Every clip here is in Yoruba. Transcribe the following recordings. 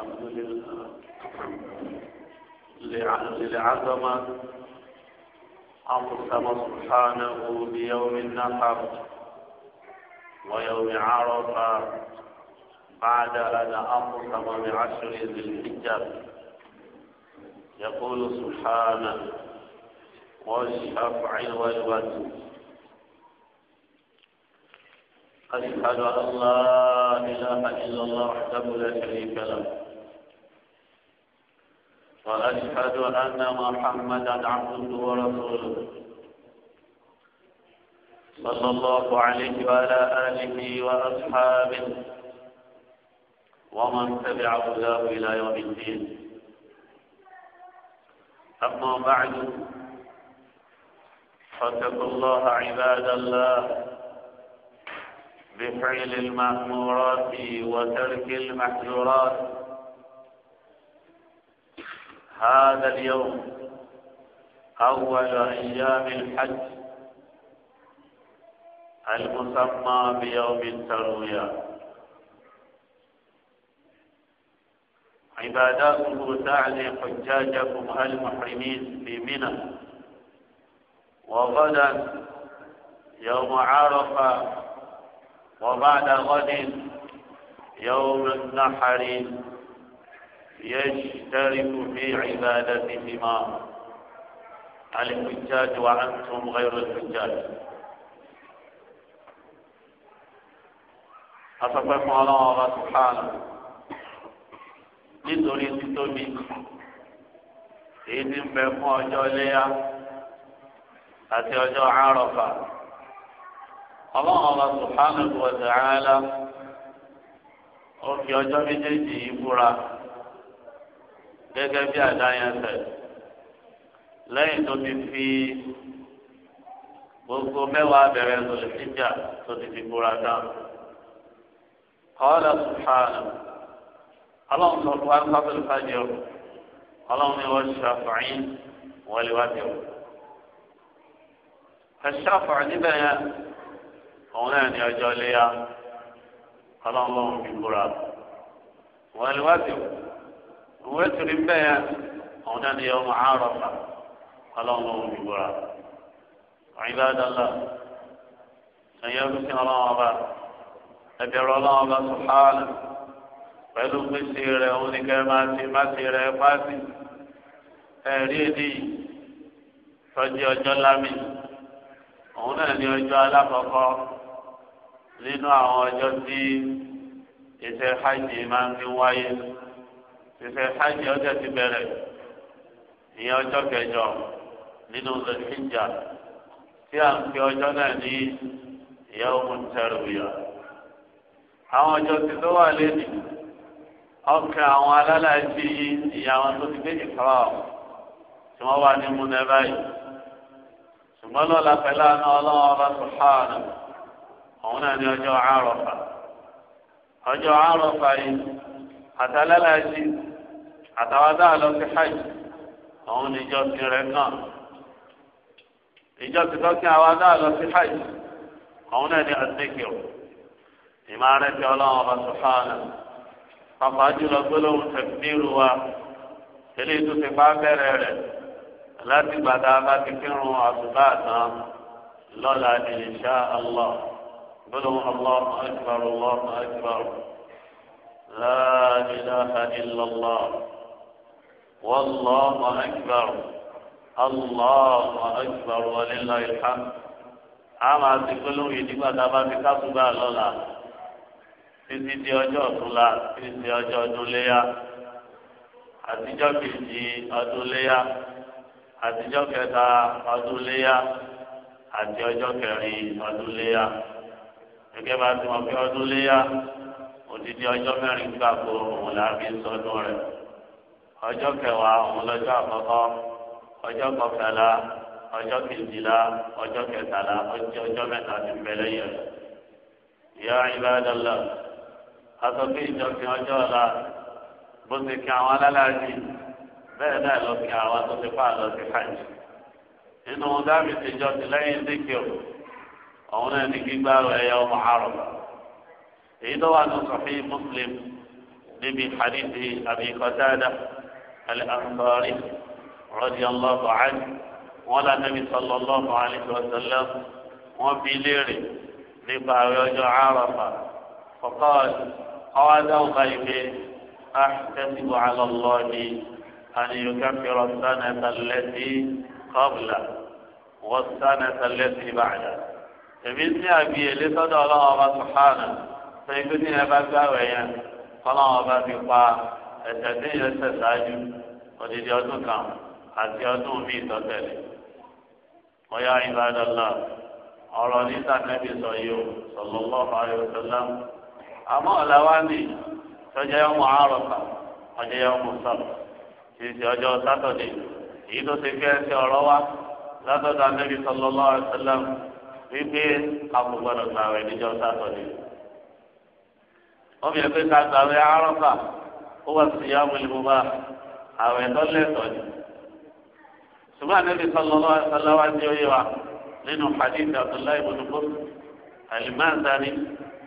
الحمد لله لعظمة أقسم سبحانه بيوم النحر ويوم عرفة بعد أن أقسم بعشر ذي الحجة يقول سبحانه والشفع والوتر أشهد أن لا إله إلا الله وحده لا شريك له وأشهد أن محمدا عبده ورسوله صلى الله عليه وعلى آله وأصحابه ومن تبع هداه إلى يوم الدين أما بعد فاتقوا الله عباد الله بفعل المأمورات وترك المحجورات هذا اليوم أول أيام الحج المسمى بيوم التروية عباداته تعني حجاجكم المحرمين في منى وغدا يوم عرفة وبعد غد يوم النحر يشترك في عبادتهما الحجاج وأنتم غير الحجاج أصبحكم على الله سبحانه nítorí títóbi èyí tí ń bẹ fún ọjọ́ léyà àti ọjọ́ àrọ̀fà ọlọ́run ọba subhanahu wa ta'ala ó fi ọjọ́ méjèèjì yìí bura. gẹ́gẹ́ bí àdáyẹsẹ̀ lẹ́yìn tó ti fi gbogbo mẹ́wàá bẹ̀rẹ̀ lọ́lẹ̀ níjà tó ti fi búra dáhùn. kọ́lá subhanahu ọlọ́run sọ fún akọ́bẹ̀lẹ̀ fàjẹ́ o ọlọ́run ni wọ́n ṣàfàyìn wọ́n lè wá jẹ́ o. ẹ̀ṣàfà níbẹ̀ yẹn òun náà ní ọjọ́ léyà ọlọ́run lọ́run fi búra wọ́n lè wá jẹ́ o òwe tìrì ń bẹ yẹn àwọn náà ni yẹn wọn àárọ̀ fà ọlọ́run ló ń dìbò rà ọ̀yìnbá dọ́là ẹ̀yẹ olùsìn ọlọ́run ọba ẹ̀bẹ̀rẹ̀ ọlọ́run ọba sùhánà pẹ̀lú pèsè rẹ̀ òun ni kẹ́ máa ti má ti rẹ̀ pàṣẹ ẹ̀rí èdè tọ́jú ọjọ́ lámì òun náà ni ọjọ́ alákọ̀ọ́kọ́ nínú àwọn ọjọ́ tí iṣẹ́ hajj máa ń fi wáyé fífẹ́ hajj ọjọ́ ti bẹ̀rẹ̀ ìyẹn ọjọ́ kẹjọ nínú zulhijja tí a ń fi ọjọ́ náà ní yawmut tarwiyah àwọn ọjọ́ ti tó wà lẹ́nu ọkàn àwọn alálàájì ìyá wọn tó ti dé ìkọ́ra tí wọ́n wà ní múnẹ́ báyìí ṣùgbọ́n lọ́la pẹ̀lú àná ọlọ́wọ́ ọba sùhánù òun náà ní ọjọ́ àárọ̀fà ọjọ́ àárọ̀fà yìí àtàlálàájì àtàwọn dáa lọ sí hajj àwọn oníjọsìn rẹ kàn ìjọsìn lọ́kìn àwọn dáa lọ sí hajj àwọn náà ní àdékìrò ìmárẹ́tì ọlọ́run ọba sùhánà pàpà jùlọ gbólóhùn tẹ̀síìrù wa eléyìí tó ti bá bẹ̀rẹ̀ rẹ̀ láti gbàdá bá ti kírun àtúbà tán lọ́la insha Allah gbólóhùn Allahu akbar Allahu akbar la ilaha illallah. والله أكبر الله أكبر ولله الحمد àmà ti gbólóhùn yìí nígbà tá a bá ti kásùbà lọ́la títí di ọjọ́ ọ̀túnla títí di ọjọ́ ọdún léyà àtijọ́ kejì ọdún léyà àtijọ́ kẹta ọdún léyà bá ti mọ̀ pé ọdún léyà òdìdí òun sọdún ọjọ́ kẹwàá òun lọ́jọ́ àkọ́kọ́ ọjọ́ kọkànlá ọjọ́ kejìlá ọjọ́ kẹtàlá ọjọ́ mẹta ti bẹ̀rẹ̀ yẹn. ìyá ìbádọ́lá asọ́kè ìjọsìn ọjọ́ ọ̀la bó ti kí àwọn alálàájì bẹ́ẹ̀ náà lọ kí àwọn tó ti pa àlọ́ dábì ti lẹ́yìn òun náà ní gbígbá ẹ̀yà ọmọ èyí tó wà ní sọ̀fí Muslim níbi hadithi الأنصار رضي الله عنه ولا النبي صلى الله عليه وسلم وفي ليري لبارج عرفة فقال هذا غيب أحتسب على الله أن يكفر السنة التي قبله والسنة التي بعده تبين أبي لصدى الله سبحانه فيكون أبا فلا أبا ẹ̀sẹ̀ tí yẹn ṣẹ̀ ṣáájú odidi ọdún kan àti ọdún míì tọ́tẹ̀lé ọ̀yá ìbádọ́lá ọ̀rọ̀ níta nẹ́bí sọ yìí o sallallahu alaihi wasallam àmọ́ ọ̀làwá ni sọjá yẹn mọ àròkà ọjọ́ yẹn mọ sọ̀rọ̀ títí ọjọ́ sátọ̀dé èyí tó ti fi ẹsẹ̀ ọ̀rọ̀ wá látọ̀dọ̀ nẹ́bí sallallahu alaihi wasallam ó wá sí ìyá wọlé bó bá àwẹ̀ lọ́lẹ́tọ̀ ni. ṣùgbọ́n ànábì sallallahu alaihi wasallam ní oyè wa nínú hadith abdullahi ibn bus alimazani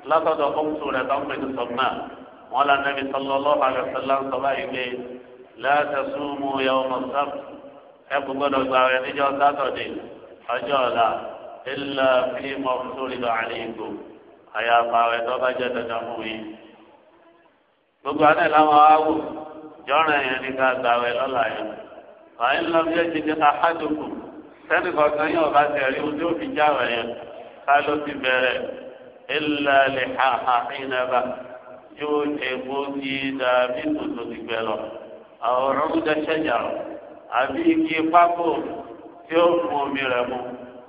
látọ̀dọ̀ kọ́mùtù rẹ̀ tó ń pè ní sọ́mà wọn là ànábì sallallahu alaihi wasallam ń sọ báyìí pé la tasumu yawma sabt ẹ kò gbọ́dọ̀ gba àwẹ̀ níjọ́ sátọ̀dẹ̀ ọjọ́ ọ̀la ilà fíìmù ọ̀fùsùn ìlú àlẹ́ ìgò àyàfà àwẹ̀ tó bá jẹ́ dandan fún yìí gbogbo àná làwọn awò jọ́ràn yẹn ní ká gbàwẹ̀ lọ́la yẹn wàá ń lọ bí ẹ ti di àhádùkù sẹ́ni kọ̀ọ̀kan yóò bá tẹ̀ rí ojú òfin jáwẹ̀ yẹn ká ló ti bẹ̀rẹ̀ ilà lè ha ha ìnàbà yóò tẹ̀ gbòógì dàbí tòtò ti gbẹ lọ àwọn ọ̀rọ̀dẹ ṣẹ̀jà àbí igi pákó tí ó fún omi rẹ̀ mu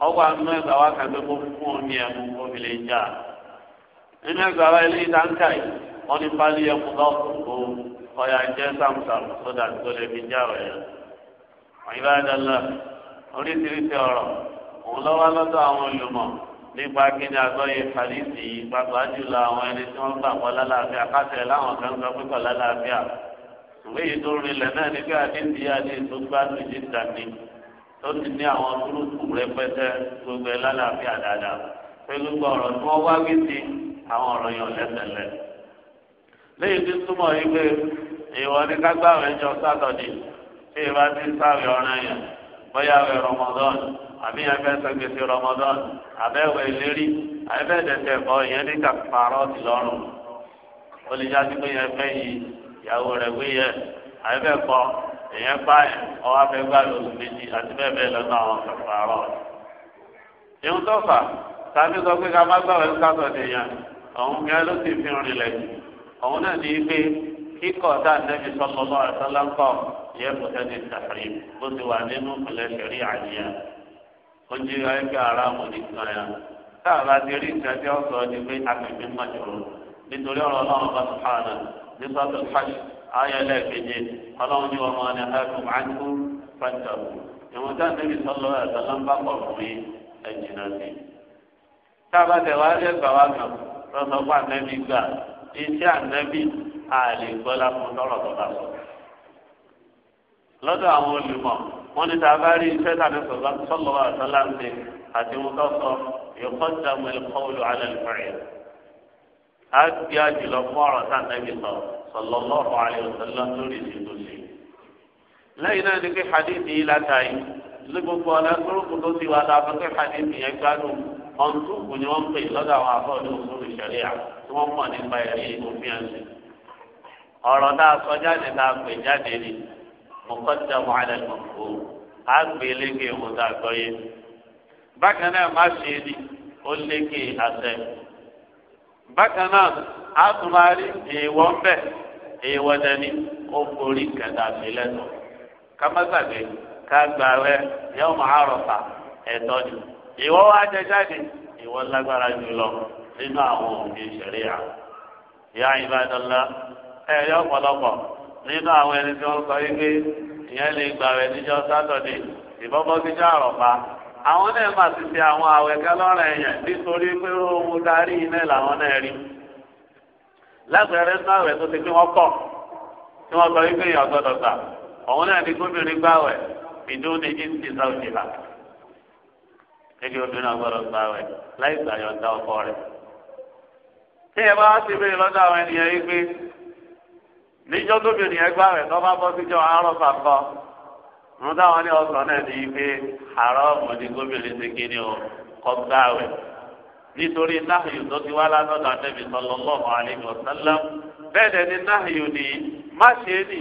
ọwọ́ àánú ẹgbàá wákàtí kó fún omi ẹ̀ mu omi lè jà nínú ẹgbàá wa ilé ìdáńkà yìí wọ́n ní pálí ẹkùn lọ́kùn kó ọ̀yà jẹ́ sàmùsàmù sódà tó lè fi já ọ̀rẹ́ yẹn. àyíká dàlá oríṣiríṣi ọ̀rọ̀ òun lọ́wọ́ lọ́dọ̀ àwọn olùmọ̀ nípa kíni àgbọ̀yé fàlísì pàpà jùlọ àwọn ẹni tí wọ́n gbà pọ̀ lálàáfíà kásẹ̀ láwọn kan gbà pípọ̀ lálàáfíà ìwé yìí tó rinlẹ̀ náà ní bí àdéhùn yá ní tó gbádùn ìdí ìdàgbé tó ti ní àwọn gúrúùpù rẹpẹtẹ gbogbo ẹ̀ lálàáfíà dáadáa pẹ̀lú gbọ́ ọ̀rọ̀ tí wọ́n wá wí sí àwọn ọ̀rọ̀ yẹn lẹ́sẹ̀lẹ̀ léyìí tí túmọ̀ yìí pé ìwọ ní kágbáwé jọ sátọ̀dì tí ìbá ti sáré ọ̀ràn yẹn bóyá rẹ rọmọdán àbí ẹgbẹ́ sẹ́gbèsè rọmọdán àbẹ́wẹ̀ ìlérí àbẹ́wẹ̀ dẹ̀tẹ̀ bọ̀ ìyẹn ní kàkàrọ̀ ti lọ́rùn olùjáde pé yẹn fẹ́ yìí ìyàwó rẹ̀ wí yẹ àbẹ́wẹ̀ kọ ìyẹn pa ọwọ́ afẹ́gbà lóṣù méjì àti bẹ́ẹ̀ bẹ́ẹ̀ lọ́nà àwọn kàkàrọ̀. ìhun tó fà tàbí sọ pé ká má gbàwé sátọ̀dì yẹn òun kẹ́ ló sì fi rìn lẹ́yìn òun náà ní pé kíkọ̀ tá a nẹ́bi sọ́kọ́ lọ́wọ́ àtàlákọ̀ yẹ kó sẹ́ni tàrí bó ti wà nínú ìpìlẹ̀ ṣẹ̀rí àníyá ó jí ayéka ara mọ̀ ní kàyà tá a bá ti rí nǹkan tí ó sọ ni pé agbègbè má jòrò nítorí ọ̀rọ̀ ọlọ́run bá ti hàn án ní sọ́tò fáṣí ayé lẹ́ẹ̀kejì ọlọ́run ní ọmọ ní ẹkùn ánkú fẹ́ntàbù ìwọ̀n tá a nẹ́bi sọ́kọ́ lọ́wọ́ iṣẹ́ ànábì àlè gbọ́lá fún lọ́rọ̀ tó bá sọ. lọ́dọ̀ àwọn olùmọ̀ wọ́n ní tàbá rí iṣẹ́ tàbí sọ̀lọ́ àtọ́lá ń ṣe àti wọn tó sọ yòókọ́ dàmú ẹ̀kọ́ olù alẹ́ ìfẹ̀rẹ̀. a gbé àjùlọ fún ọ̀rọ̀ tàbí sọ sọ̀lọ́ lọ́rọ̀ àlè òṣèlú lórí ìṣètòṣe. lẹ́yìn náà ni pé hadith yìí látàyè ní gbogbo ọ̀nà kúrúkú tó ti wà láàbùkẹ́ hadith yẹn gbádùn ọ̀ntúnkù ni wọ́n pè lọ́dọ̀ àwọn afọ́ wọ́n mọ̀ nípa ẹ̀rí òfin ẹ̀sìn ọ̀rọ̀ náà sọ jáde náà pè jáde ni mọ̀kọ́tà wàhálà mọ̀kó á gbé léke bákan náà má ṣe ni ó léke àṣẹ bákan náà á tún máa rí èèwọ̀ ń bẹ̀ èèwọ̀ dání ó borí kẹta ká rẹ máa ẹ̀tọ́ wá jẹ jáde nínú àwọn òfin ṣẹ̀ríà. ìyá ìbádọ́lá ẹ̀rí ọ̀pọ̀lọpọ̀ nínú àwọn ẹni tí wọ́n sọ wípé ìyẹn lè gbà rẹ̀ níjọ́ sátọ̀dé ìbọ́bọ́ sí jọ́ àrọ̀pá. àwọn náà mà ti fi àwọn àwẹ̀kẹ́ lọ́rẹ̀ yẹn nítorí pé ohun darí iná làwọn náà rí. lágbẹ̀rẹ̀ náà rẹ̀ tó ti pé wọ́n kọ̀ tí wọ́n sọ wípé ìyàn gbọ́dọ̀ gbà òun náà ní gómìnrin gbàwẹ̀ ìdún ní ìsìn sáwùjì là. kékeré obìnrin náà gbọ́dọ̀ láì gbàyọ̀ ọ̀dà ọkọ rẹ̀ tí ẹ bá ti béèrè lọ́dọ̀ àwọn ènìyàn yìí pé níjọ́ tó bèrè yẹn gbà rẹ̀ tó bá bọ́ síjọ́ àárọ̀ fàkọ́ mo táwọn ní ọsàn náà ní pé àárọ̀ ọmọdé gómìnà ti kéde o kọ́ gbà rẹ̀ nítorí náhìyù tó ti wá látọ̀dọ̀ àtẹ̀bí sallallahu alaihi wasallam bẹ́ẹ̀ dẹ̀ ni náhìyù ni má ṣe ni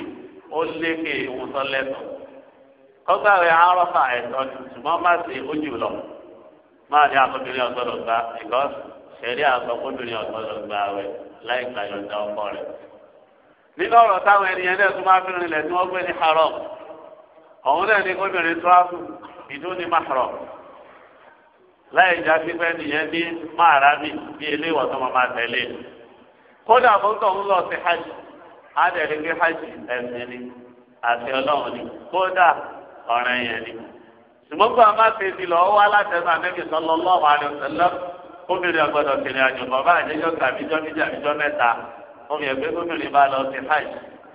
ó lékè ìwòsàn lẹ́nu kọ́gbà rẹ̀ àárọ̀ fà ẹ̀tọ́ ṣùgbọ́n má ṣe ó jù lọ máa ní akọ́bìnrin ọ̀gbọ́dọ̀ gbà ìgbọ́sùn ṣẹ̀rí àgbàkọ́dùnrin ọ̀gbọ́dọ̀ gba àwẹ̀ láì gbàyọ̀ǹda ọkọ rẹ̀. nínú ọ̀rọ̀ táwọn ènìyàn náà tún máa fi rinlẹ̀ tí wọ́n gbé ní haram ọ̀hún náà ní kóbìnrin tó áfù ìdó ní mahram láì já sí pé nìyẹn bí máàrá mi bí ilé ìwọ̀sán máa máa tẹ̀lé kódà fóńtò ń lọ sí hajj ádẹ̀rí pé hajj ẹ̀sìn ni àti ọlọ́run ni kódà ọ̀ràn yẹn ni ṣùgbọ́n gbọ́dọ̀ má ṣe ti lọ́ọ́ wá obìnrin ọgbọ́dọ̀ kiri àjò bàbá àjẹjọ́ kàbíjọ́ méjì àbíjọ́ mẹ́ta omi ẹ̀gbẹ́ gómìnà bá lọ sí hajj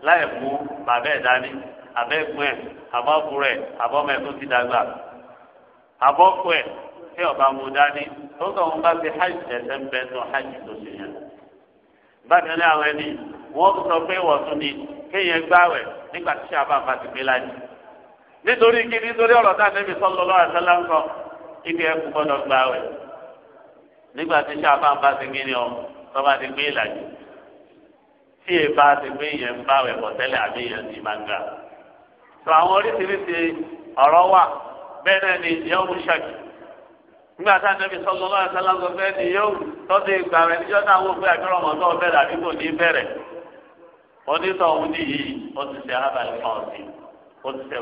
láì mú bàbá ẹ̀ dání àbẹ́gbọ́n ẹ̀ àbọ́kùnrin ẹ̀ àbọ́mọ ẹ̀ tó ti dàgbà àbọ́kùn ẹ̀ tí ọba mú dání tó kàn wọn bá fi hajj ẹsẹ̀ ń bẹ tó hajj tó ṣe yẹn. bákan náà àwọn ẹni wọ́n sọ pé wọ́n tún kéèyàn gbáwẹ̀ nígbà tí sábà ti gbé láyé nítorí kí nítorí ọ̀rọ̀ táà níbi sọ́lọ́lọ́ àtàlà nígbà tí sábà bá ti gbé ni ọ tọ́ba ti gbé ìlàjì tí èyí bá ti gbé yẹn ń bá wẹ̀ bọ̀ tẹ́lẹ̀ àbí yẹn ti máa ń ga. tó àwọn oríṣiríṣi ọ̀rọ̀ wà bẹ́ẹ̀ náà ni yóò mú ṣàkì. nígbà tá a nẹ́bi sọ́lọ́ lọ́wọ́ ẹ̀sán lọ́sọ bẹ́ẹ̀ ni yóò tọ́sí ìgbà rẹ̀ níjọ́ náà wọ́n fẹ́ àgbẹ̀rọ̀ mọ́ náà bẹ̀rẹ̀ àbí kò ní bẹ̀rẹ̀. onítọ̀ òun ní yìí ó ti ṣe arábàlì kan ọ̀sìn ó ti ṣe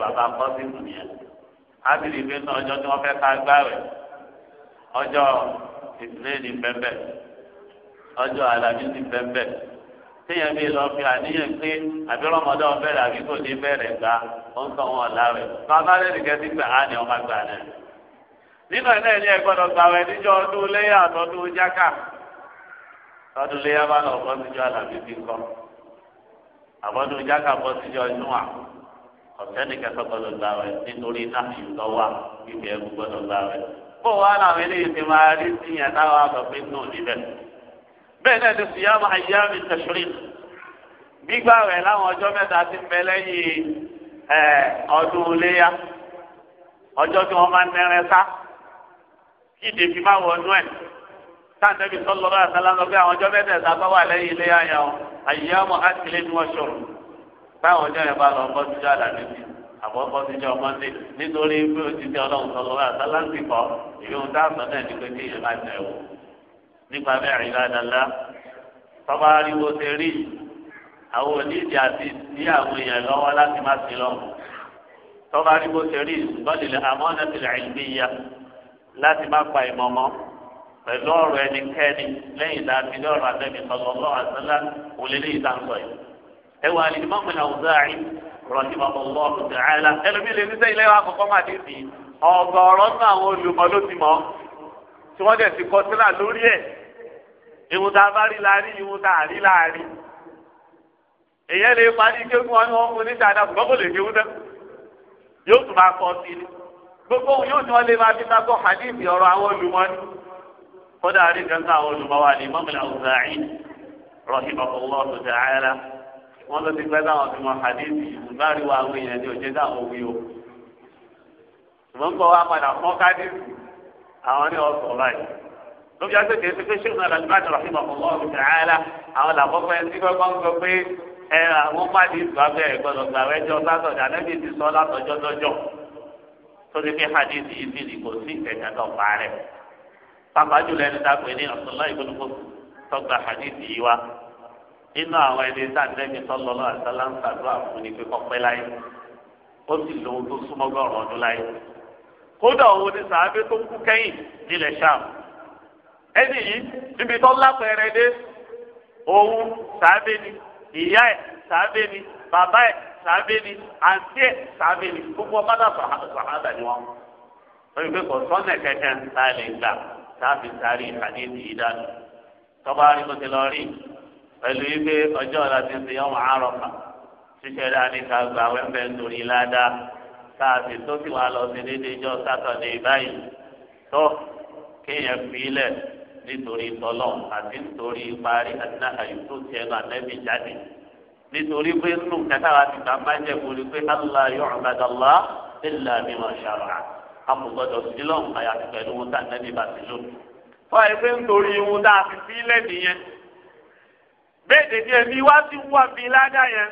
ìsìlẹ́ẹ̀lì bẹ́ẹ̀ ọjọ́ alamisi bẹ́ẹ̀ téèyàn bí lọ fi àníyàn pé àbí rọmọdé ọbẹ̀rẹ̀ àbí kò ní bẹ̀rẹ̀ gbà ó ń tàn wọn lára ẹ̀ bàbá lẹ́nu kẹ́sì gbà á ní ọmọ gbà náà nínú ẹ̀ náà ní ẹ gbọ́dọ̀ gbà wẹ̀ níjọ́ ọdún léyà àtọ́dún jáká tọ́dún léyà bá lọ bọ́ síjọ́ alamisi kọ́ àbọ̀dún jáká bọ́ síjọ́ júwà ọ̀sẹ́ni kẹsàn gbọ́dọ̀ gbà wẹ̀ nítorí náà ìlọ́wà bó wà láwọn eléyìí ti máa rí sí yẹn táwọn àgbàgbé náà níbẹ̀. bẹ́ẹ̀ náà ti sì yá máa yá mi tẹ̀sírì gbígbà rẹ̀ láwọn ọjọ́ mẹ́ta ti ń bẹ lẹ́yìn ọdún iléyà ọjọ́ tí wọ́n máa ń nẹ́rẹ́ sá kí ìdè fi máa wọnú ẹ̀ sáńdẹ́bí sọ́lọ́ bá àtàlà lọ bí àwọn ọjọ́ mẹ́tẹ̀ẹ̀ta bá wà lẹ́yìn iléyà yẹn o àyíyá mọ́ àtìlẹ́yìn wọn ṣòro báwọn ọjọ́ yẹn bá lọ bọ́ síjọ́ àkọ́kọ́ ti jẹ́ ọmọdé nítorí pé ó ti di ọlọ́run sọ lọ́wọ́ àtàlásì kọ́ èyí ń dáàbò náà ní pé kéèyàn máa jẹ ẹ̀wọ̀ nípa bẹ́ẹ̀ rí ládàlá tọ́ba ariwo ti rí àwọn onídìí àti sí àwọn èèyàn lọ́wọ́ láti má sí lọ́wọ́ tọ́ba ariwo ti rí bọ́ọ̀lì àmọ́nà tìlẹ̀ ìgbéyà láti má pa ìmọ̀mọ́ pẹ̀lú ọ̀rọ̀ ẹnikẹ́ni lẹ́yìn ìdájí lọ́rọ̀ àtẹ̀mí sọ̀rọ̀ lọ́wọ́ àtàlá òlélẹ́yìí rahimah allah ta'ala ẹlòmíì lè ní sẹ́yìn lẹ́wọ̀ àkọ́kọ́ máa dé sí ọgọ́rọ́ náà àwọn olùmọ̀ ló ti mọ̀ tí wọ́n dẹ̀ ti kọ sílà lórí ẹ̀ ìwọ̀n tá a bá rí láàrin ìwọ̀n tá a rí láàrin èyẹ lè parí kéwù wọn ni wọn fún ní dáadáa ṣùgbọ́n kò lè kéwù náà yóò tún máa kọ́ sí i gbogbo òun yóò ní wọn lè máa fi sábọ hadith ọ̀rọ̀ àwọn olùmọ̀ ni kódà rí àwọn olùmọ̀ wa ni mọ́mìlá ọ̀sán wọn ló ti pẹ́ táwọn ti mọ hadithi ìgbà rí wa àwọn èèyàn ní òjé táwọn wí o ṣùgbọ́n kọ́ wa padà fọ́n kádìsì àwọn ní ọ̀sọ̀ báyìí lóbi àtẹ̀tẹ̀ ti pé ṣéun náà lọ́dún láti rọ̀ṣìn ọ̀pọ̀lọpọ̀ ọ̀gbìn ààlà àwọn làkọ́kọ́ ẹni tí kọ́kọ́ ń sọ pé ẹ àwọn pàdé ìgbà bẹ́ẹ̀ gbọ́dọ̀ gbà wẹ́jọ́ sátọ̀dẹ̀ ànábì ti sọ látọjọ́ dọ́jọ́ tó ti fi hadithi yìí sì ní kò sí ẹ̀jẹ̀ tó pa rẹ̀ pàápàá jùlọ ẹni tá a pè ní ọ̀sán láì gbọ́dọ̀ tọ́gbà hadithi yìí wa inú àwọn ẹni tá àtẹ́bí sọ́lọ́ lọ́wọ́ àtàlà ń sàdúrà fún ni pé kọ́pẹ́ láyé ó sì lóhun tó súnmọ́ gbọ́rọ̀ ọdún láyé kódà òun ni sàábé tó kú kẹ́yìn nílẹ̀ sàm ẹni yìí níbi tó lápẹẹrẹ dé òun sàábé ni ìyá ẹ̀ sàábé ni bàbá ẹ̀ sàábé ni àǹtí ẹ̀ sàábé ni gbogbo ọmọdé sàhábà ni wọn. wọ́n fi kọ́ sọ́nà kẹ̀kẹ́ tá a lè gbà tá a fi ti lọ rí i pẹ̀lú yìí pé ọjọ́ ọ̀la ti fi ọmọ àrọ̀fà ṣíṣe dání ká gba wẹ́pẹ́ nítorí ládàá tá a sì tó sì wá lọ sí dédé jọ sátọ̀dé báyìí tó kéèyàn fi ilẹ̀ nítorí tọ́lọ̀ àti nítorí parí àdínáhàyò tó tiẹ̀ nù ànẹ́bí jáde nítorí pé nù kẹta wa ti gbà má jẹ́ kúri pé alá yóò ọ̀gbàdàlá ilà mi wà ṣàrà àkùgbọ́dọ̀ sílọ̀ àyàfi pẹ̀lú wọn tá ànẹ́bí bá ti lò. fọ́ nítorí wọn tá a fi sílẹ̀ nìyẹn bẹ́ẹ̀ dèdè ẹ̀mí wá sí wà bí ládà yẹn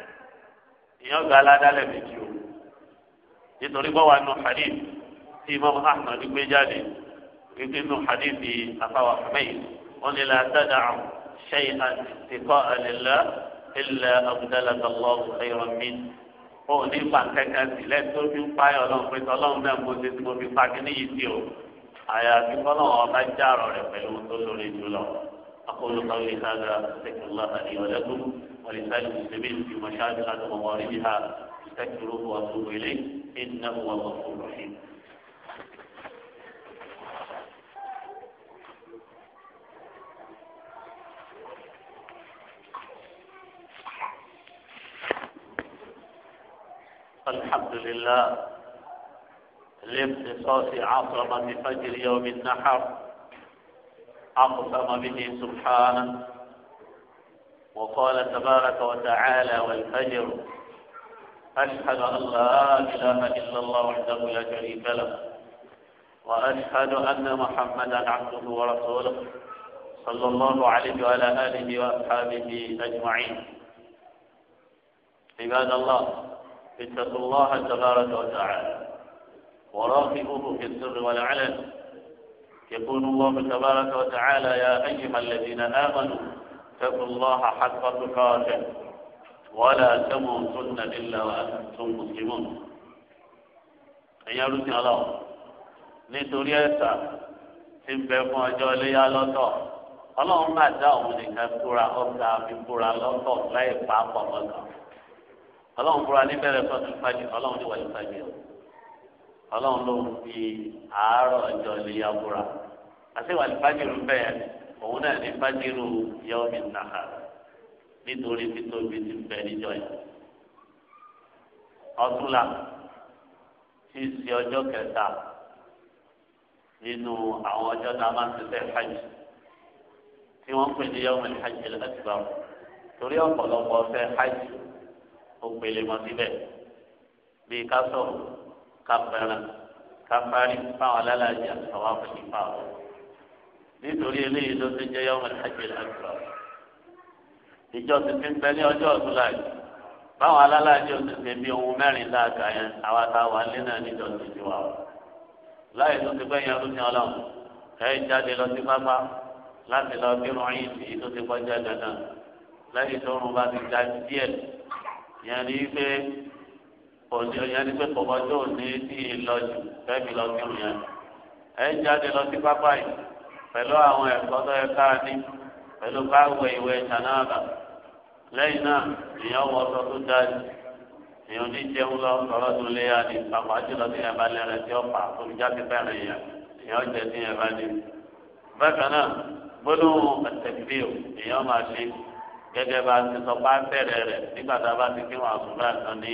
ìyẹn gba ládà lẹ́ẹ̀mejì o nítorí bọ́ wa nù hadith tí imam ahmed gbé jáde gbégbé nù hadith yìí afáwà fúnmẹ́yì wọn ni la dada àwọn ṣẹ́yìn àti tìkọ́ àlèlá ilẹ̀ abudulayi ọ̀hún ẹ̀yọ̀mí o ní pàǹkẹ́kẹ́ sílẹ̀ tó fi ń payọ̀ ọlọ́run pé tọ́lọ́run náà mo ti mo fi pa kíní yìí sí o àyàfi kọ́lọ́run ọba járọ̀ rẹ̀ pẹ̀lú tó lórí jùlọ. أقول قولي هذا أستغفر الله لي ولكم ولسائر المسلمين في مشاكل ومواردها استغفروه وأتوب إليه إنه هو الغفور الرحيم الحمد لله لامتصاص عصرة فجر يوم النحر أقسم به سبحانه وقال تبارك وتعالى والفجر أشهد أن لا إله إلا الله وحده لا شريك له وأشهد أن محمدا عبده ورسوله صلى الله عليه وعلى آله وأصحابه أجمعين عباد الله اتقوا الله تبارك وتعالى وراقبوه في السر والعلن يقول الله تبارك وتعالى يا أيها الذين آمنوا اتقوا الله حق تقاته ولا تموتن إلا وأنتم مسلمون ẹ̀yin arúgbó ọlọ́run nítorí ẹ̀sà ti ń bẹ fún ọjọ́ iléyà lọ́tọ̀ ọlọ́run máa dá òun nìkan kúra ọ̀gá fi kúra lọ́tọ̀ láì pa pọ̀ mọ́tọ̀ ọlọ́run kúra níbẹ̀rẹ̀ fọ́tún fàjì ọlọ́run ní wàlúù fàjì ọ̀hún ọlọ́run ló ń fi àárọ̀ ọjọ́ lè ya búra àṣewà ní fájìrù bẹ́ẹ̀ òun náà ní fájìrù yẹ́wò mi nàkà nítorí títóbi ti bẹ níjọ yìí ọtúnla tí í ṣe ọjọ́ kẹta nínú àwọn ọjọ́ tá a máa ń ṣiṣẹ́ hajj tí wọ́n pè ní yẹ́wò mi hajj al-akbar torí ọ̀pọ̀lọpọ̀ fẹ́ hajj ó pèlè mọ́ síbẹ̀ bí ká sọ̀rọ̀ kápẹ́rẹ́ kápẹ́rẹ́ fáwọn alálàájì àtàwọn afẹ́yìn fáwọn. nítorí eléyìí ló ti jẹ́ yọmọ ìhàjì àgbà. ìjọ ti fi ń bẹ ní ọjọ́ ọ̀tún láàyè báwọn alálàájì ò ti fi bí ohun mẹ́rin dáàkà yẹn àwa tá a wà lé náà níjọ ti ti wà. láyé tó ti gbẹ̀yìn ọdún ní ọlọ́run ẹ̀yìn jáde lọ sí pápá láti lọ bí wọn yìí sí tó ti kọjá dandan lẹ́yìn tó rún bá ti já díẹ̀ yẹn ní pé òní ọ̀yàn ni pé kọ̀ọ̀kan tó ní tí ì lọ jù fẹ́mi lọ sí òun yẹn. ẹ ń jáde lọ sí pápá yìí pẹ̀lú àwọn ẹ̀kọ́ tó yẹ ká ní pẹ̀lú báwẹ̀ ìwẹ̀ ìtànáàbà lẹ́yìn náà èèyàn wọ ọsọ tó dájú èèyàn ní jẹun lọ sọ̀rọ̀ tó lé ya ní pàpà jùlọ tí yẹn bá lẹ́rẹ̀ tí ó pa tó ń yẹn èèyàn jẹ tí yẹn bá ní. bákan náà gbólóhùn ẹ̀tẹ̀gbé o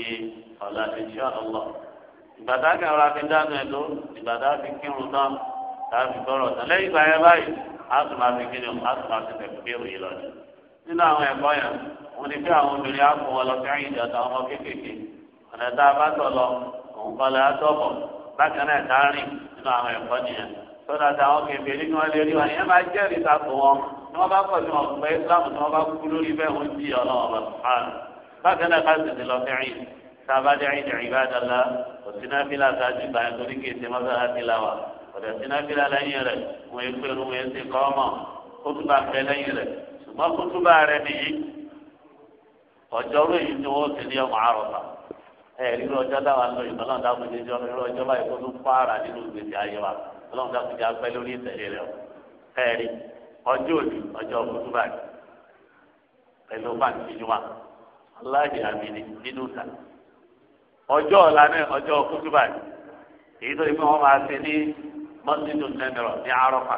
ọ̀la insha Allah ìgbàdá kan ra fi dáná ẹ̀ tó ìgbàdá fi kírun tán tàbí tọrọ tán lẹ́yìn ìgbà yẹn báyìí a tún máa fi kíni a tún máa fi tẹ̀kùté òye lọ ni. nínú àwọn ẹ̀kọ́ yẹn wọn ni bí àwọn obìnrin á fún wọn lọ fẹ́ràn ìjà àtàwọn ọmọ kéékèèké ọ̀nà tá a bá tọ̀ lọ òun kọ́ lẹ́ àtọ̀bọ̀ bákan náà tá bákan náà ká sì ti lọ fẹ́ràn sábàdé àyìnbí ìbádàlá òsínáfílà sáájú ìgbà yẹn torí kìí ṣe mọ́sálásí láwà ọ̀dọ̀ sínáfílà lẹ́yìn rẹ̀ wọ́n ń pẹ̀lú wọ́n ń ṣe kọ́mọ̀ kótóbá fẹ́ lẹ́yìn rẹ̀ ṣùgbọ́n kótóbá rẹ̀ nìyí ọjọ́rú èyí tí wọ́n ti ní ọmọ àròkà ẹ̀ rírọ ọjọ́ dáwà ń lọ ìgbà náà dákun jẹjọ́ rírọ ọjọ́ báyìí kó tún fara nínú gbèsè ayé wa ọlọ́run ọjọ́ ọ̀la náà ọjọ́ kútúbà èyí tó yẹ kí wọ́n máa ṣe ní mọ́sídù nẹ́mìrọ̀ ní arọ́fà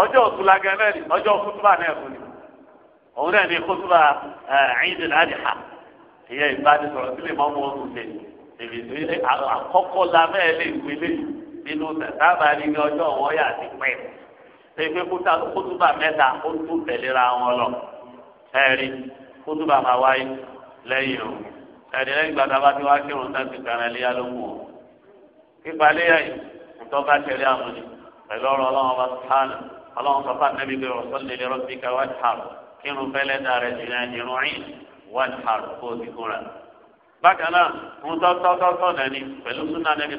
ọjọ́ òtúlagẹ́ náà ni ọjọ́ kútúbà náà kù ni òun náà ní kútúbà ẹ̀ẹ́dì eh, láàdìhà ìyẹn ìbánisọ̀rọ̀ sílẹ̀ mọ́ mọ́ oṣù tẹ̀ èdè àkọ́kọ́ la mẹ́ẹ̀ lè gbélé nínú tẹ̀sáàbà ní ọjọ́ wọn yà ti pẹ́ pé kútúbà mẹ́ta ó tún tẹ̀léra wọn lọ ẹ̀rí kútúbà máa wáyé lẹ́yìn òun ẹ̀dínlẹ́ ìgbà tá a bá ti wá kírun náà ti kàrẹ́ léyà ló kù ọ́. pípa léyà yìí ntọ́ bá tẹ̀lé àwọn ni pẹ̀lú ọ̀rọ̀ ọlọ́run bá sàn ọlọ́run sọ fún anábì pé ọ̀sán lè lérò bí ká wá tààrù kírun fẹ́lẹ́ dà rẹ̀ jìnnà ìrún rìn wá tààrù kó o ti kúra. bákan náà ntọ́ tọ́tọ́tọ́ nani pẹ̀lú súnà anábì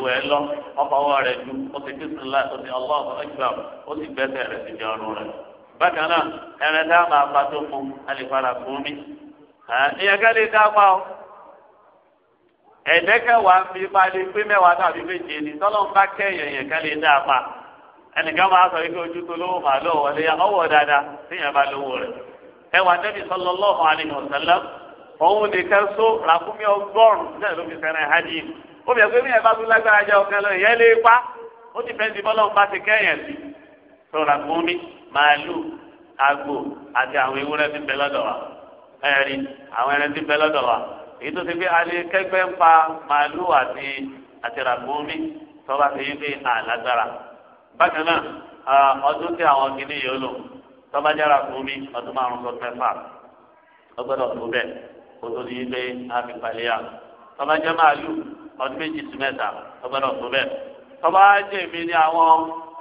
ju lọ ọkọ ọwọ́ rẹ̀ ju ó ti kí sinla o ti ọlọ́ọ̀bù ẹgbẹ́ ó ti gbẹ́sẹ̀ rẹ̀ sí jẹ ọrùn rẹ̀. bákan náà ẹran tá a máa fa fún ìyẹn ká lè fi pé mẹ́wàá tàbí méje ni bá kẹ́yìn ìyẹn ká lè ẹnìkan máa sọ lówó màá wọlé ọwọ́ dáadáa bá lówó ẹwà òun nìkan só ọgọ́rùn-ún ó bẹ̀ pé míyàn bá tún lágbára jẹ ọ̀kan lọ ìyẹn lè pa ó ti fẹ́ di bọ́lọ́run bá ti kẹ́yìn sí sọ̀rọ̀ fún mi màálù àgbò àti àwọn ewúrẹ́ ti bẹ lọ́dọ̀ wa ẹ̀rin àwọn ẹran ti bẹ lọ́dọ̀ wa èyí tó ti fi alẹ́ kẹgbẹ́ ń pa màálù àti àtìràgbọ́nmi tọ́ba ti yí pé àlágbára bákan náà ọdún tí àwọn kìnnì yìí ó lò tọ́ba jára fún mi ọdún márùn sọ mẹ́fà ọgbọ́dọ̀ tó bẹ́ẹ̀ kó tó ọdún méjì sí mẹ́ta ọgbọ́dọ̀ tó bẹ́ẹ̀ tọ́ba jẹ́ mi ní àwọn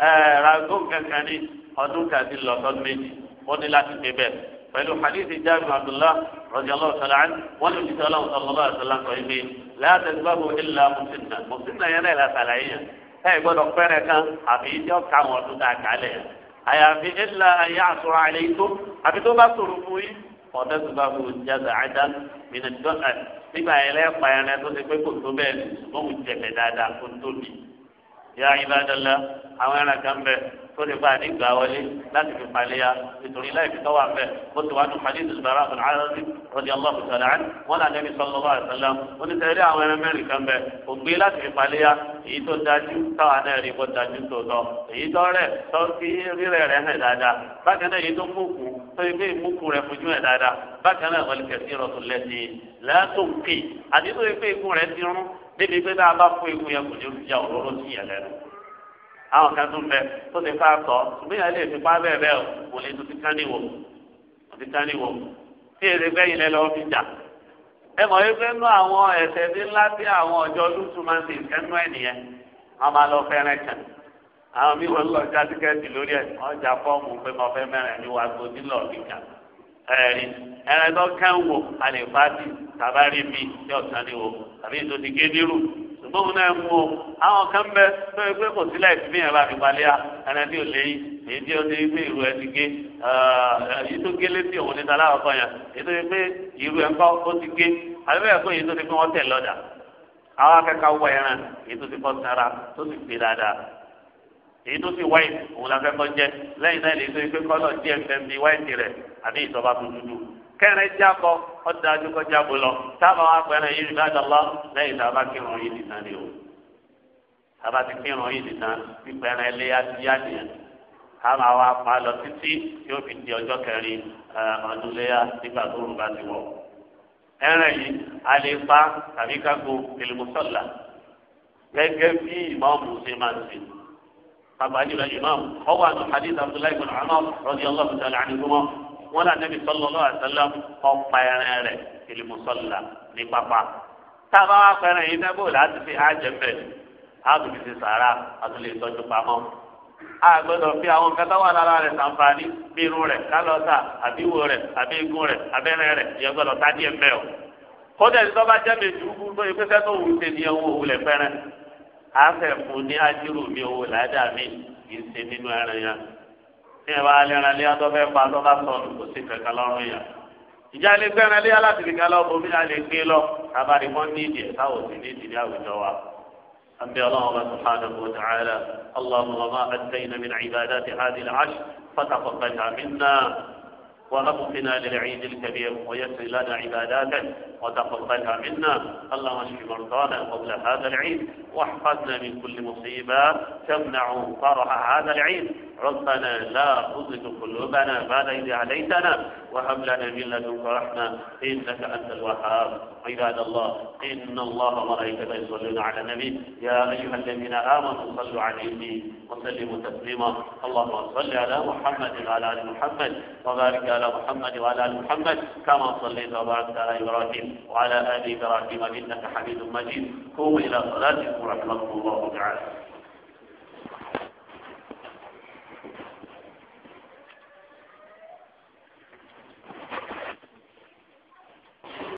ẹ̀ẹ́dàgbọ́n kankan ní ọdún kàdí lọ sọdún méjì wọ́n ní láti ṣe bẹ́ẹ̀ pẹ̀lú hadithi jaabi abdullah radiyallahu ta'ala an wọ́n lè fi sọ́lá ọ̀sọ̀lọ́lá ọ̀sọ̀lá sọ ibi láti gbàgbọ́ ilà mùsùlùmá mùsùlùmá yẹn náà làṣàlàyé yẹn ẹ gbọ́dọ̀ pẹ́rẹ́ kan àfi ìjọ káwọn ọdún tá a kálẹ̀ àyàfi ilà ayé àsọ̀rọ̀ àlẹ́ yìí tó àfi tó bá sọ̀rọ̀ fún yìí kọ̀dọ̀ tó bá wù jáde àdá mìíràn dọ́là nígbà yẹn lẹ́ẹ̀pá ẹran tó ti pé kò tó bẹ́ẹ̀ lóhùn jẹ̀mẹ̀ dáadáa kó tóbi ya ibadala àwọn ẹran kan bẹ tó lè bá a ní gbà wọlé láti fi pàlẹ́yà nítorí láì fi tọ́wà bẹ ó ti wá ní hadith ìbára àbùn àrẹ́sì rọ̀dí aláàbù sọ̀rọ̀ àti wọn là nẹ́bí sọ́lọ́ bá àṣàlá ó ní sẹ́rí àwọn ẹran mẹ́rin kan bẹ kò gbé láti fi pàlẹ́yà èyí tó dájú táwa náà rí bó dájú tó lọ èyí tó rẹ̀ tó fi rírẹ̀ rẹ̀ hẹ̀ dáadáa bákan náà èyí tó mú tó ibi ìmúkú rẹ fojú ẹ dáadáa bákan náà wọlé kẹsí débi pé náà bá fún ikú yẹn kò ní olùjà òróró sí yẹn lẹ́nu àwọn kan tún bẹ tó ti fa tọ ṣùgbọ́n yẹn lè fi pa bẹ́ẹ̀ bẹ́ẹ̀ kò lè tó ti kán níwò tó ti kán níwò tí èrè gbẹ̀yìn lẹ́ lọ́ọ́ fi jà ẹ mọ̀ wípé nú àwọn ẹ̀sẹ̀ ní ńlá tí àwọn ọjọ́ lùtù máa ń ti ìkẹ́nu ẹ̀ nìyẹn wọ́n máa lọ fẹ́rẹ̀ kàn àwọn mi wọ́n lọ já tíkẹ́ẹ̀tì lórí ẹ̀ wọ́n já fọ́ọ̀mù pé mo fẹ́ mẹ́rin ní wàá gbòdì lọ́ọ̀kì kan ẹ̀rí ẹ̀rẹ́ tó kẹ́wò àlèfáàtì tàbárí mi tí ọ̀sán ni wò tàbí ètò ti gé nírú ṣùgbọ́n òun náà mú o àwọn kan bẹ tó yẹ pé kò sílẹ̀ tí mi yẹn bá fi balẹ̀ à ẹ̀rẹ́ tí ò léyìn èyí tí ó ní pé ìrù ẹ ti gé èyí tó gé létí òun ní sálá ọkọ yẹn èyí tó yẹ pé ìrù ẹ ńkọ́ ó ti gé àbí bẹ́ẹ̀ fún èyí tó ti pé wọ́n tẹ̀ lọ́dà àwọn akẹ́kọ̀ọ́ wọ ẹran èyí tó ti kọ́ sára tó ti pè dáadáa èyí tó ti wáìtì òun la fẹ́ kọ́ jẹ lẹ́yìn náà èyí tó ti pé kọ́lọ̀ díẹ̀ fẹ́ mi wáìtì rẹ̀ àbí ìtọ́ba tó dúdú kẹrin jábọ ọdún adúgbò jábọ lọ táwọn apẹrẹ yìí rí bàjẹ́ lọ lẹ́yìn tá a bá kírun yìí nìkan ni o tá a bá ti kírun yìí nìkan ìpẹrẹ ilé adìyá nìyẹn a máa wá pa lọ títí yóò fi di ọjọ́ kẹrin eh, ọdún léyà nígbà tó rùn bá ti wọ̀ ẹran yìí a lè pa tàbí kágo tẹlifùsọ̀là gẹ́gẹ́ bí ìmọ̀ọ́mù ṣe máa ń ṣe àgbájú rẹ̀ ìmọ̀ọ́mù ọwọ́ àti hadith abdullahi bin amam rọ́dí ọlọ́run tẹ̀lé àdìgúnmọ́ wọn là nẹbi sọlọ lọ àtẹlẹ ọpa ẹrẹ rẹ ìlùmùsọlá ní pápá tábà wà pẹrẹ yìí nẹbù láti fi àjẹ mbẹ àtúntì ti sàrà àtúntì ìtọ́jú pamọ́ àgbẹ̀dọ̀ fi àwọn nǹkan tó wà lára rẹ̀ sàǹfààní bí irun rẹ̀ kálọ́tà àbíwò rẹ̀ àbí igun rẹ̀ abẹ́rẹ́ rẹ̀ ìyẹn gbọ́dọ̀ tá díẹ̀ mbẹ́ o kódà ẹni tó bá jẹ́ méjì wúkú tó yẹ pé sẹ́tọ̀ òun ṣe ní owó òwúlẹ̀ pẹ́rẹ́ àfẹ́ fún ní ájírù mi owó làádàá mi kì í ṣe nínú ẹran yẹn ní ìwà alẹ́ran ilé ọtọ́ fẹ́ pa tó bá sọnù kò sí kẹ̀kẹ́ lọ́rùn yà. ìjà lè gbẹ́ran ilé alátìríkà lọ omi náà lè gbé lọ abáni wọn ní ìdí ẹ̀ka أبي الله سبحانه وتعالى اللهم ما أتينا من عبادات هذه العشر فتقبلها منا وأبقنا للعيد الكبير ويسر لنا عباداتك وتقبلها منا اللهم اشف مرضانا قبل هذا العيد واحفظنا من كل مصيبة تمنع فرح هذا العيد ربنا لا تزغ قلوبنا بعد إذ هديتنا وهب لنا من لدنك رحمة إنك أنت الوهاب عباد الله إن الله وملائكته يصلون على النبي يا أيها الذين آمنوا صلوا عليه وسلموا تسليما اللهم صل على محمد وعلى آل محمد وبارك على محمد وعلى آل محمد كما صليت وباركت على إبراهيم وعلى آل إبراهيم إنك حميد مجيد قوموا إلى صلاتكم رحمكم الله تعالى